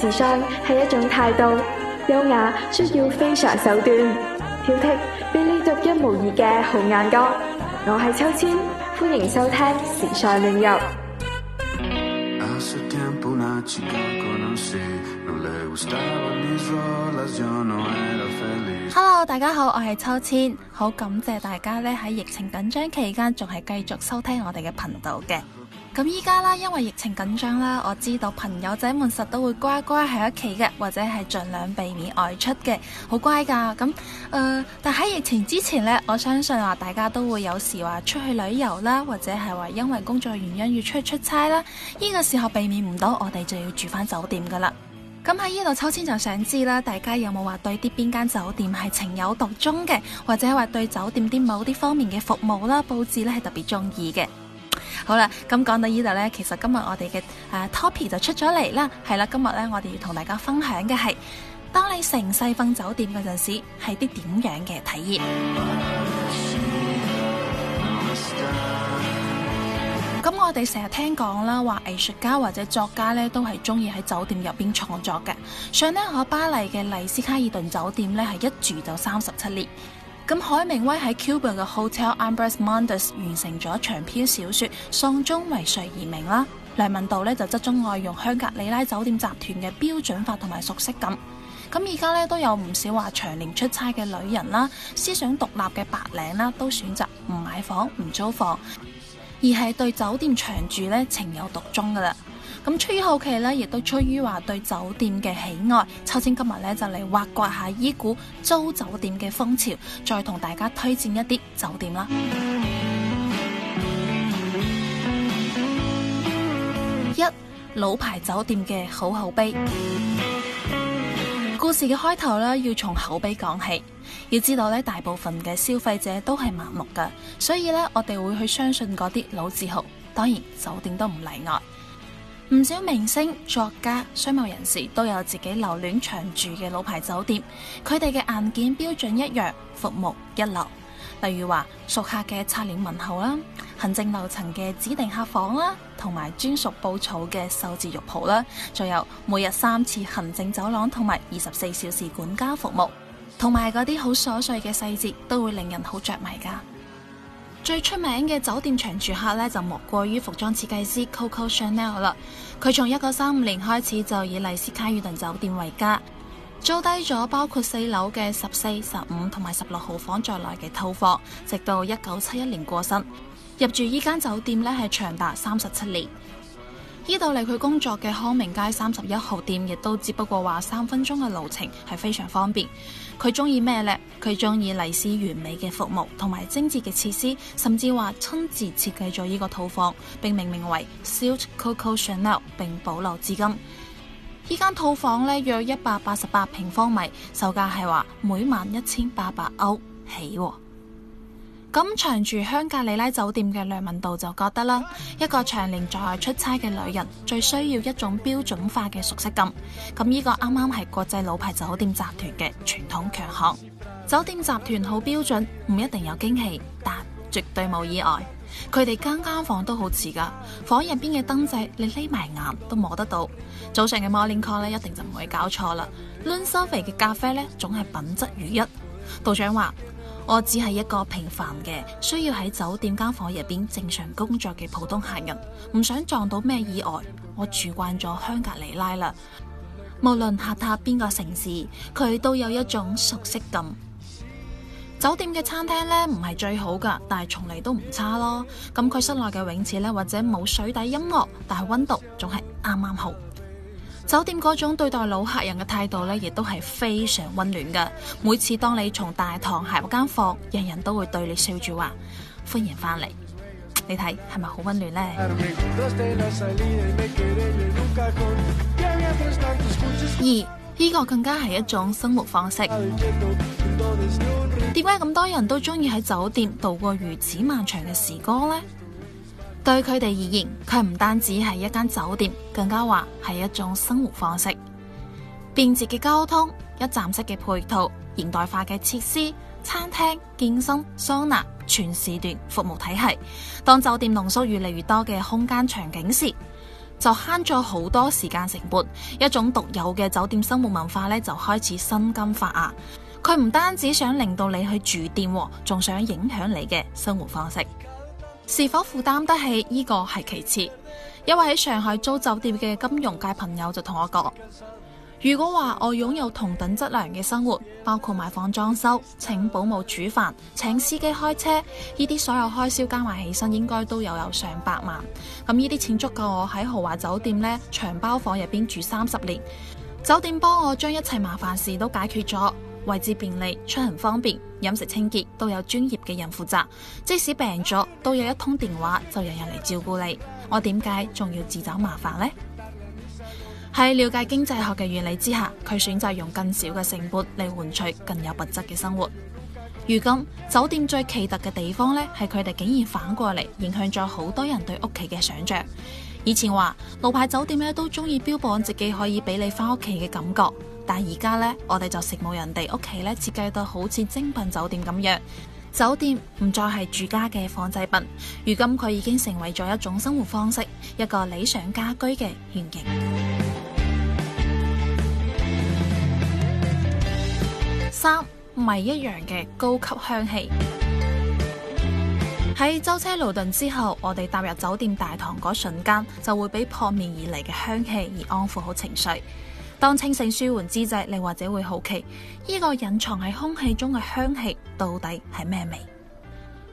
時尚係一種態度，優雅需要非常手段，挑剔俾你獨一無二嘅好眼光。我係秋千，歡迎收聽時尚領域。Hello，大家好，我係秋千，好感謝大家咧喺疫情緊張期間仲係繼續收聽我哋嘅頻道嘅。咁依家啦，因為疫情緊張啦，我知道朋友仔們實都會乖乖喺屋企嘅，或者係盡量避免外出嘅，好乖噶。咁誒、呃，但喺疫情之前呢，我相信話大家都會有時話出去旅遊啦，或者係話因為工作原因要出去出差啦。呢、這個時候避免唔到，我哋就要住翻酒店噶啦。咁喺呢度秋千就想知啦，大家有冇話對啲邊間酒店係情有獨鍾嘅，或者話對酒店啲某啲方面嘅服務啦、布置咧係特別中意嘅？好啦，咁講到呢度呢，其實今日我哋嘅誒 Topi 就出咗嚟啦。係、嗯、啦，今日呢，我哋要同大家分享嘅係，當你成世瞓酒店嗰陣時，係啲點樣嘅體驗。咁我哋成日聽講啦，話藝術家或者作家呢都係中意喺酒店入邊創作嘅。上呢次我巴黎嘅麗思卡爾頓酒店呢，係一住就三十七年。咁海明威喺 Cuba 嘅 Hotel Ambos Mundos 完成咗長篇小說《喪鐘為誰而鳴》啦。梁文道呢就則鍾愛用香格里拉酒店集團嘅標準化同埋熟悉感。咁而家呢，都有唔少話長年出差嘅旅人啦，思想獨立嘅白領啦，都選擇唔買房唔租房，而係對酒店長住呢情有獨鍾㗎喇。咁出於好奇呢，亦都出於話對酒店嘅喜愛，秋千今日呢，就嚟挖掘下依股租酒店嘅風潮，再同大家推薦一啲酒店啦。 一、老牌酒店嘅好口碑， 故事嘅開頭呢，要從口碑講起。要知道呢，大部分嘅消費者都係盲目嘅，所以呢，我哋會去相信嗰啲老字號，當然酒店都唔例外。唔少明星、作家、商務人士都有自己留戀長住嘅老牌酒店，佢哋嘅硬件標準一樣，服務一流。例如話熟客嘅擦臉問候啦，行政樓層嘅指定客房啦，同埋專屬布草嘅繡字浴袍啦，仲有每日三次行政走廊同埋二十四小時管家服務，同埋嗰啲好瑣碎嘅細節都會令人好着迷㗎。最出名嘅酒店長住客咧，就莫過於服裝設計師 Coco Chanel 喇。佢從一九三五年開始就以麗思卡爾頓酒店為家，租低咗包括四樓嘅十四、十五同埋十六號房在內嘅套房，直到一九七一年過身。入住依間酒店咧，係長達三十七年。呢度嚟佢工作嘅康明街三十一號店，亦都只不過話三分鐘嘅路程，係非常方便。佢中意咩呢？佢中意麗斯完美嘅服務同埋精緻嘅設施，甚至話親自設計咗呢個套房，並命名為 Suite Coco Chanel，並保留至今。呢間套房呢，約一百八十八平方米，售價係話每萬一千八百歐起，哦。咁長住香格里拉酒店嘅梁文道就覺得啦，一個長年在外出差嘅旅人，最需要一種標準化嘅熟悉感。咁呢個啱啱係國際老牌酒店集團嘅傳統強項。酒店集團好標準，唔一定有驚喜，但絕對冇意外。佢哋間間房間都好似噶，房入邊嘅燈掣你匿埋眼都摸得到。早上嘅 morning call 咧，一定就唔會搞錯啦。room service 嘅咖啡咧，總係品質如一。道長話。我只係一個平凡嘅，需要喺酒店間房入邊正常工作嘅普通客人，唔想撞到咩意外。我住慣咗香格里拉啦,無論下榻邊個城市，佢都有一種熟悉感。酒店嘅餐廳呢，唔係最好噶，但係從嚟都唔差咯。咁佢室內嘅泳池呢，或者冇水底音樂，但係溫度仲係啱啱好。酒店嗰種對待老客人嘅態度咧，亦都係非常溫暖㗎。每次當你從大堂行入間房，人人都會對你笑住話歡迎翻嚟，你睇係咪好溫暖呢？二、這、呢個更加係一種生活方式。點解咁多人都中意喺酒店度過如此漫長嘅時光呢？對佢哋而言，佢唔單止係一間酒店，更加話係一種生活方式。便捷嘅交通、一站式嘅配套、現代化嘅設施、餐廳、健身、桑拿、全時段服務體系，當酒店濃縮越嚟越多嘅空間場景時，就慳咗好多時間成本。一種獨有嘅酒店生活文化咧，就開始生根發芽。佢唔單止想令到你去住店，仲想影響你嘅生活方式。是否負擔得起呢個係其次，一位喺上海租酒店嘅金融界朋友就同我講：如果話我擁有同等質量嘅生活，包括買房、裝修、請保姆、煮飯、請司機開車，呢啲所有開銷加埋起身，應該都有有上百萬。咁呢啲錢足夠我喺豪華酒店呢長包房入邊住三十年，酒店幫我將一切麻煩事都解決咗。位置便利，出行方便，飲食清潔，都有專業嘅人負責。即使病咗，都有一通電話就有人嚟照顧你。我點解仲要自找麻煩呢？喺了解經濟學嘅原理之下，佢選擇用更少嘅成本嚟換取更有物質嘅生活。如今酒店最奇特嘅地方咧，係佢哋竟然反過嚟影響咗好多人對屋企嘅想象。以前話老牌酒店咧，都中意標榜自己可以俾你翻屋企嘅感覺。但而家呢，我哋就食冇人哋屋企呢，設計到好似精品酒店咁樣，酒店唔再係住家嘅仿製品，如今佢已經成為咗一種生活方式，一個理想家居嘅原型。 三迷一樣嘅高級香氣，喺舟 車勞頓之後，我哋踏入酒店大堂嗰瞬間，就會俾撲面而嚟嘅香氣而安撫好情緒。當清醒舒緩之際，你或者會好奇，依、這個隱藏喺空氣中嘅香氣到底係咩味？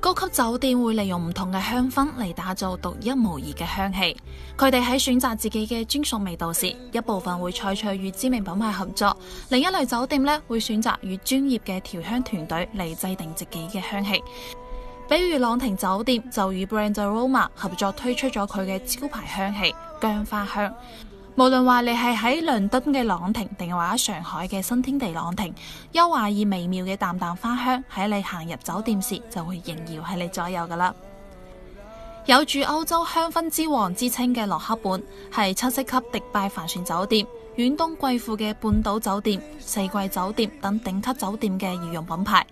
高級酒店會利用唔同嘅香氛嚟打造獨一無二嘅香氣。佢哋喺選擇自己嘅專屬味道時，一部分會採取與知名品牌合作，另一類酒店呢，會選擇與專業嘅調香團隊嚟制定自己嘅香氣。比如朗廷酒店就與 Brandaroma 合作推出咗佢嘅招牌香氣姜花香。無論話你係喺倫敦嘅朗廷，定係話喺上海嘅新天地朗廷，優雅而微妙嘅淡淡花香喺你行入酒店時，就會縈繞喺你左右噶啦。 有住歐洲香氛之王之稱嘅洛克本，係七星級迪拜帆船酒店、遠東貴婦嘅半島酒店、四季酒店等頂級酒店嘅御用品牌。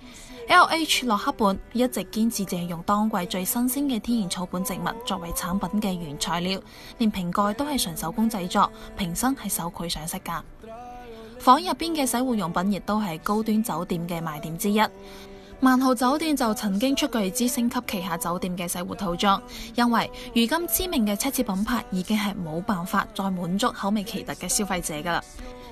LH 洛克本一直堅持淨係用當季最新鮮嘅天然草本植物作為產品嘅原材料，連瓶蓋都係純手工製作，瓶身係手繪上色噶。房入邊嘅洗護用品亦都係高端酒店嘅賣點之一。萬豪酒店就曾經出過一支升級旗下酒店嘅洗護套裝，因為如今知名嘅奢侈品牌已經係冇辦法再滿足口味奇特嘅消費者噶啦，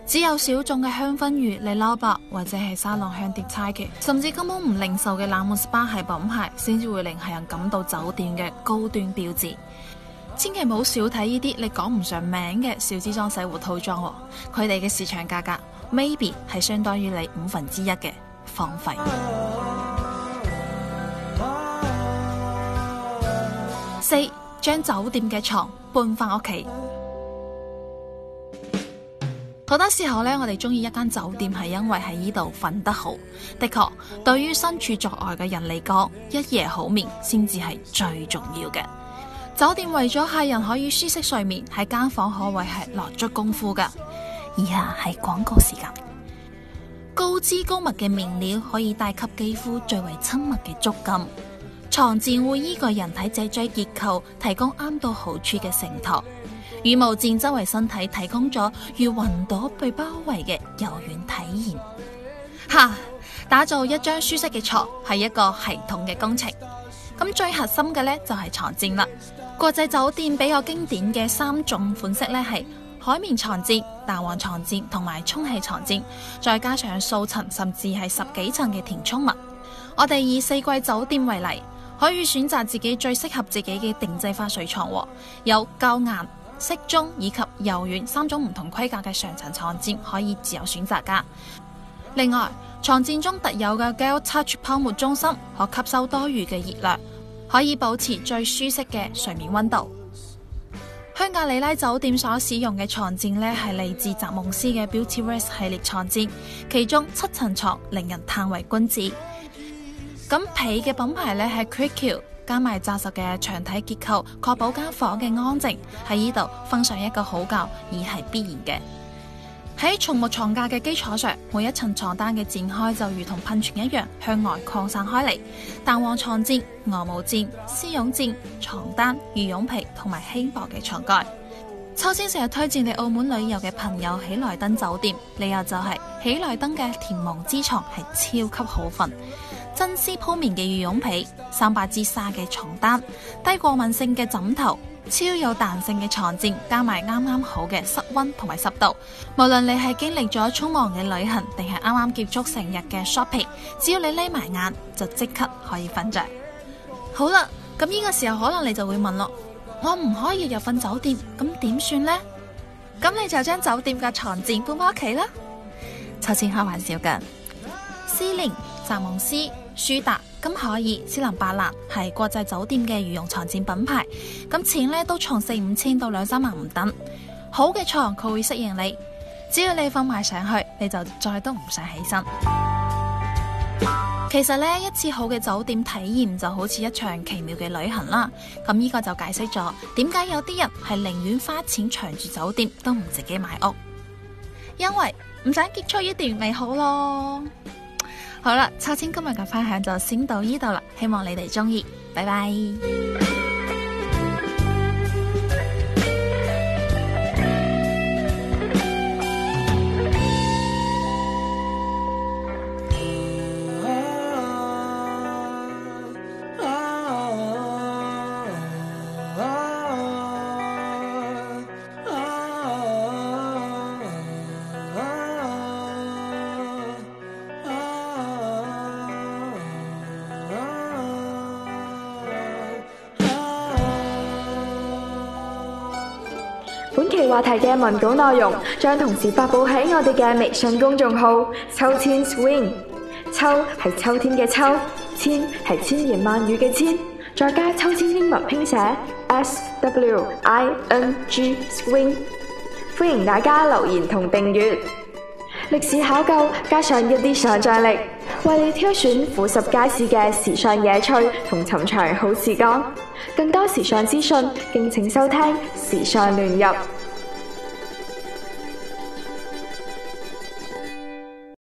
只有小眾嘅香薰浴、你撈白或者係沙朗香碟差奇，甚至根本唔零售嘅冷門 SPA 係品牌，先至會令客人感到酒店嘅高端標誌。千祈唔好少睇呢啲你講唔上名嘅小支裝洗護套裝，佢哋嘅市場價格 maybe 係相當於你五分之一嘅房費。四將酒店嘅床搬翻屋企。好多時候呢，我哋中意一間酒店係因為喺呢度瞓得好。的確，對於身處在外嘅人嚟講，一夜好眠先至係最重要嘅。酒店為咗客人可以舒適睡眠，喺間房可謂係落足功夫嘅。以下係廣告時間。高支高密嘅面料可以帶給肌膚最為親密嘅觸感。床墊會依據人體脊椎結構提供啱到好處嘅承托，羽毛墊周圍身體提供咗如雲朵被包圍嘅柔軟體驗。哈，打造一張舒適嘅牀係一個系統嘅工程，咁最核心嘅呢，就係牀墊啦。國際酒店比較經典嘅三種款式呢，係海綿牀墊、彈簧牀墊同埋充氣牀墊，再加上數層甚至係十幾層嘅填充物。我哋以四季酒店為例。可以選擇自己最適合自己嘅定製化睡牀，有較硬、適中以及柔軟三種唔同規格嘅上層床墊可以自由選擇噶。另外，床墊中特有嘅 gel touch 泡沫中心可吸收多餘嘅熱量，可以保持最舒適嘅睡眠溫度。香格里拉酒店所使用嘅床墊呢，係嚟自澤蒙斯嘅 Beautyrest 系列床墊，其中七層床令人歎為觀止。咁被嘅品牌咧係 c r i c u i 加埋紮實嘅牆體結構，確保間房嘅安靜喺呢度瞓上一個好覺，而係必然嘅。喺松木床架嘅基礎上，每一層床單嘅展開就如同噴泉一樣向外擴散開嚟，彈簧床墊、鵝毛墊、絲絨墊、床單、羽絨被同埋輕薄嘅床蓋。秋千成日推薦你澳門旅遊嘅朋友喜來登酒店，理由就係喜來登嘅甜夢之床係超級好瞓。真絲鋪面嘅羽絨被，三百支紗嘅床單，低過敏性嘅枕頭，超有彈性嘅床墊，加埋啱啱好嘅室溫同埋濕度。無論你係經歷咗匆忙嘅旅行，定係啱啱結束成日嘅 shopping，只要你匿埋眼就即刻可以瞓着。好啦，咁呢個時候可能你就會問咯：我唔可以入瞓酒店，咁點算呢？咁你就將酒店嘅床墊搬翻屋企啦。秋千開玩笑噶，思玲澤蒙斯。舒達金海爾，斯林伯納係國際酒店嘅羽絨床墊品牌，咁錢咧都從四五千到兩三萬唔等。好嘅床佢會適應你，只要你放埋上去，你就再都唔想起身。 其實呢一次好嘅酒店體驗就好似一場奇妙嘅旅行啦。咁呢個就解釋咗點解有啲人係寧願花錢長住酒店都唔自己買屋，因為唔想結束一段美好咯。好啦，秋千今日嘅分享就先到呢度啦，希望你哋鍾意，拜拜。本期話題嘅文稿內容將同時發佈喺我哋嘅微信公眾號秋千 swing。秋係秋天嘅秋，千係千言萬語嘅千，再加秋千英文拼寫 s w i n g swing。歡迎大家留言同訂閱。歷史考究加上一啲想象力，為你挑選浮世街市嘅時尚野趣同尋常好時光。更多時尚資訊，敬請收聽時尚亂入。